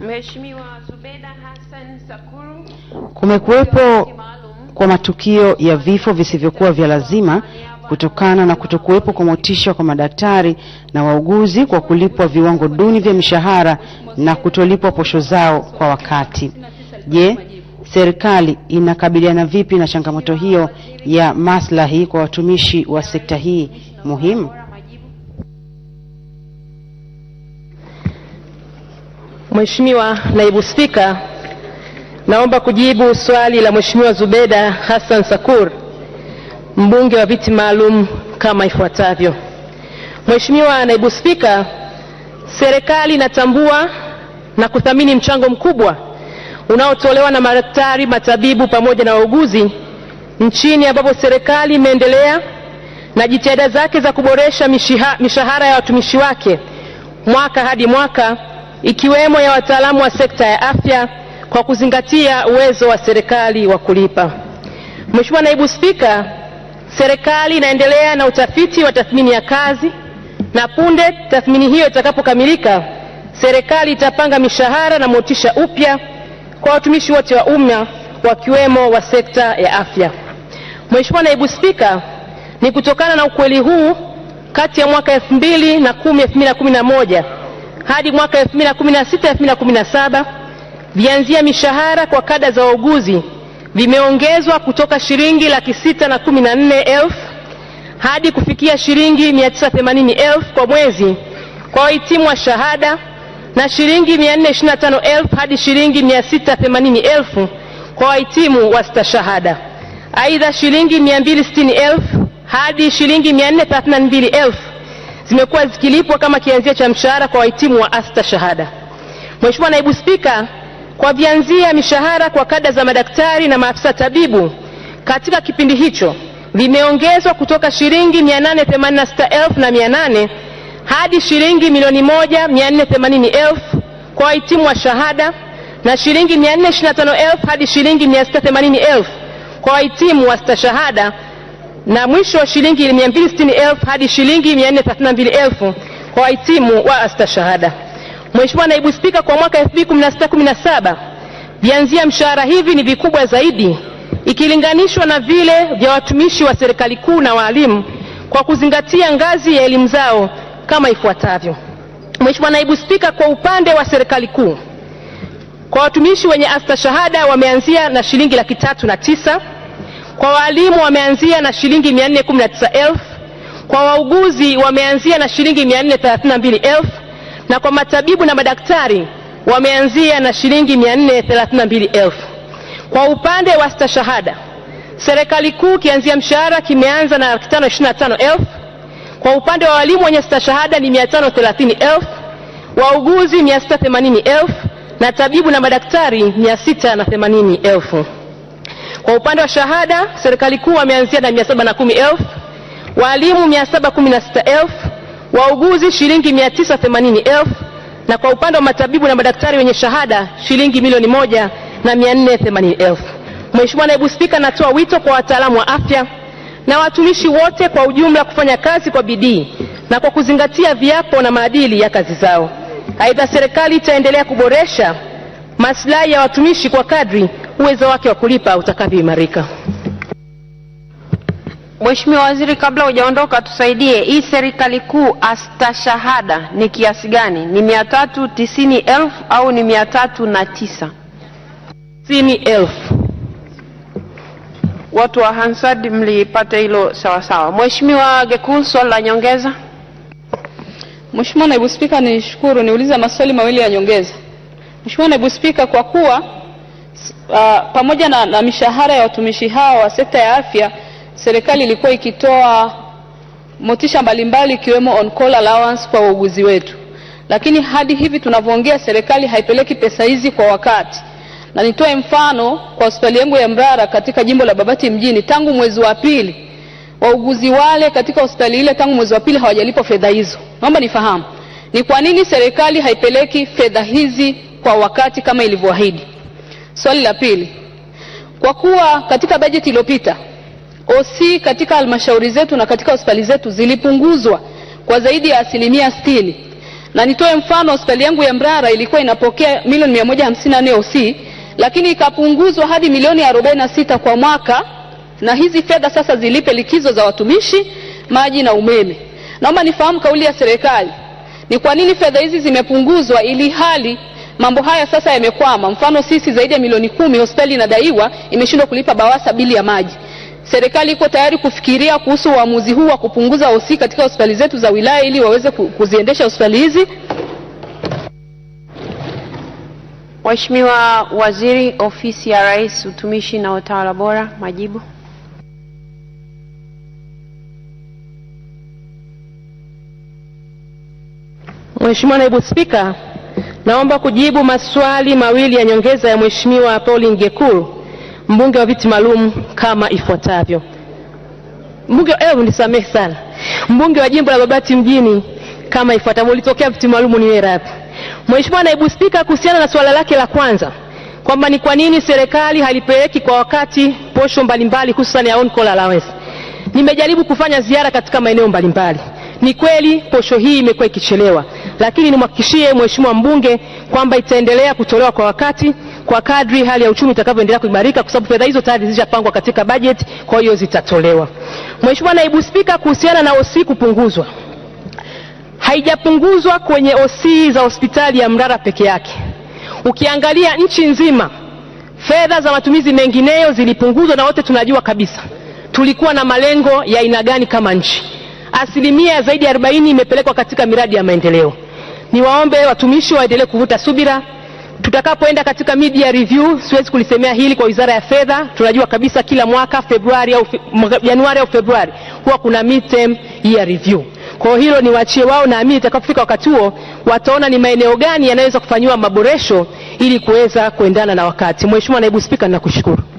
Mheshimiwa Zubeda Hassan Sakuru, kumekuwepo kwa matukio ya vifo visivyokuwa vya lazima kutokana na kutokuwepo kwa motisha kwa madaktari na wauguzi kwa kulipwa viwango duni vya mishahara na kutolipwa posho zao kwa wakati. Je, serikali inakabiliana vipi na changamoto hiyo ya maslahi kwa watumishi wa sekta hii muhimu? Mheshimiwa Naibu Spika, naomba kujibu swali la Mheshimiwa Zubeda Hassan Sakur, mbunge wa viti maalum kama ifuatavyo. Mheshimiwa Naibu Spika, serikali inatambua na kuthamini mchango mkubwa unaotolewa na madaktari, matabibu pamoja na wauguzi nchini, ambapo serikali imeendelea na jitihada zake za kuboresha mishahara ya watumishi wake mwaka hadi mwaka ikiwemo ya wataalamu wa sekta ya afya kwa kuzingatia uwezo wa serikali wa kulipa. Mheshimiwa Naibu Spika, serikali inaendelea na utafiti wa tathmini ya kazi na punde tathmini hiyo itakapokamilika, serikali itapanga mishahara na motisha upya kwa watumishi wote wa umma wakiwemo wa sekta ya afya. Mheshimiwa Naibu Spika, ni kutokana na ukweli huu kati ya mwaka 2010 na 2011 hadi mwaka 2016 2017 vianzia mishahara kwa kada za wauguzi vimeongezwa kutoka shilingi laki sita na kumi na nne elfu hadi kufikia shilingi mia tisa themanini elfu kwa mwezi kwa wahitimu wa shahada na shilingi mia nne ishirini na tano elfu hadi shilingi mia sita themanini elfu kwa wahitimu wa stashahada. Aidha, shilingi mia mbili sitini elfu hadi shilingi mia nne thelathini na mbili elfu zimekuwa zikilipwa kama kianzia cha mshahara kwa wahitimu wa asta shahada. Mheshimiwa Naibu Spika, kwa vianzia mishahara kwa kada za madaktari na maafisa tabibu katika kipindi hicho vimeongezwa kutoka shilingi 886,800 hadi shilingi milioni 1,480,000 kwa wahitimu wa shahada na shilingi 425,000 hadi shilingi 680,000 kwa wahitimu wa stashahada na mwisho shilingi 260,000 hadi shilingi 432,000 kwa wahitimu wa astashahada. Mheshimiwa Naibu Spika, kwa mwaka 2016 2017 vianzia mshahara hivi ni vikubwa zaidi ikilinganishwa na vile vya watumishi wa serikali kuu na waalimu kwa kuzingatia ngazi ya elimu zao kama ifuatavyo. Mheshimiwa Naibu Spika, kwa upande wa serikali kuu, kwa watumishi wenye astashahada wameanzia na shilingi laki tatu na tisa kwa walimu wameanzia na shilingi 419,000, kwa wauguzi wameanzia na shilingi 432,000, na kwa matabibu na madaktari wameanzia na shilingi 432,000. Kwa upande wa stashahada serikali kuu kianzia mshahara kimeanza na laki Kwa upande wa walimu wenye stashahada ni mia wauguzi mia na tabibu na madaktari 680,000. Kwa upande wa shahada, serikali kuu wameanzia na 710,000, walimu 716,000, waalimu wauguzi shilingi 980,000, na kwa upande wa matabibu na madaktari wenye shahada shilingi milioni moja na 480,000. Mheshimiwa Naibu Spika, natoa wito kwa wataalamu wa afya na watumishi wote kwa ujumla kufanya kazi kwa bidii na kwa kuzingatia viapo na maadili ya kazi zao. Aidha, serikali itaendelea kuboresha maslahi ya watumishi kwa kadri uwezo wake wa kulipa utakavyoimarika. Mheshimiwa Waziri, kabla hujaondoka, tusaidie hii serikali kuu astashahada ni kiasi gani? Ni mia tatu tisini elfu au ni mia tatu na tisa tisini elfu? Watu wa Hansard mlipata hilo sawasawa. Mheshimiwa Gekul, swali la nyongeza. Mheshimiwa Naibu Spika, nishukuru niuliza maswali mawili ya nyongeza. Mheshimiwa Naibu Spika, kwa kuwa uh, pamoja na, na mishahara ya watumishi hawa wa sekta ya afya, serikali ilikuwa ikitoa motisha mbalimbali ikiwemo on call allowance kwa wauguzi wetu, lakini hadi hivi tunavyoongea serikali haipeleki pesa hizi kwa wakati, na nitoe mfano kwa hospitali yangu ya Mrara katika jimbo la Babati mjini, tangu mwezi wa pili wauguzi wale katika hospitali ile tangu mwezi wa pili hawajalipwa fedha hizo. Naomba nifahamu ni kwa nini serikali haipeleki fedha hizi kwa wakati kama ilivyoahidi. Swali la pili, kwa kuwa katika bajeti iliyopita OC katika halmashauri zetu na katika hospitali zetu zilipunguzwa kwa zaidi ya asilimia sitini, na nitoe mfano, hospitali yangu ya Mrara ilikuwa inapokea milioni 154 OC, lakini ikapunguzwa hadi milioni 46 kwa mwaka, na hizi fedha sasa zilipe likizo za watumishi, maji na umeme. Naomba nifahamu kauli ya serikali ni kwa nini fedha hizi zimepunguzwa ili hali Mambo haya sasa yamekwama. Mfano sisi zaidi ya milioni kumi hospitali inadaiwa imeshindwa kulipa BAWASA bili ya maji. Serikali iko tayari kufikiria kuhusu uamuzi huu wa kupunguza osi katika hospitali zetu za wilaya ili waweze kuziendesha hospitali hizi. Mheshimiwa Waziri, Ofisi ya Rais, Utumishi na Utawala Bora, majibu. Mheshimiwa Naibu Spika, Naomba kujibu maswali mawili ya nyongeza ya Mheshimiwa Pauline Gekul, mbunge wa viti maalum kama ifuatavyo. Mbunge eh, nisamehe sana, mbunge wa jimbo la Babati mjini kama ifuatavyo. Ulitokea viti maalum ni wewe hapa. Mheshimiwa Naibu Spika, kuhusiana na swala lake la kwanza kwamba ni kwa nini serikali halipeleki kwa wakati posho mbalimbali hususan ya on call allowance. Nimejaribu kufanya ziara katika maeneo mbalimbali ni kweli posho hii imekuwa ikichelewa, lakini nimhakikishie mheshimiwa mbunge kwamba itaendelea kutolewa kwa wakati kwa kadri hali ya uchumi itakavyoendelea kuimarika, kwa sababu fedha hizo tayari zilishapangwa katika bajeti, kwa hiyo zitatolewa. Mheshimiwa Naibu Spika, kuhusiana na OC kupunguzwa, haijapunguzwa kwenye OC za hospitali ya Mrara peke yake. Ukiangalia nchi nzima, fedha za matumizi mengineyo zilipunguzwa, na wote tunajua kabisa tulikuwa na malengo ya aina gani kama nchi asilimia zaidi ya 40 imepelekwa katika miradi ya maendeleo. Niwaombe watumishi waendelee kuvuta subira. Tutakapoenda katika media review, siwezi kulisemea hili kwa Wizara ya Fedha. Tunajua kabisa kila mwaka Februari au Januari au Februari huwa kuna midterm year review. Kwa hilo niwaachie wao, naamini itakapofika wakati huo wataona ni maeneo gani yanaweza kufanyiwa maboresho ili kuweza kuendana na wakati. Mheshimiwa Naibu Spika, ninakushukuru.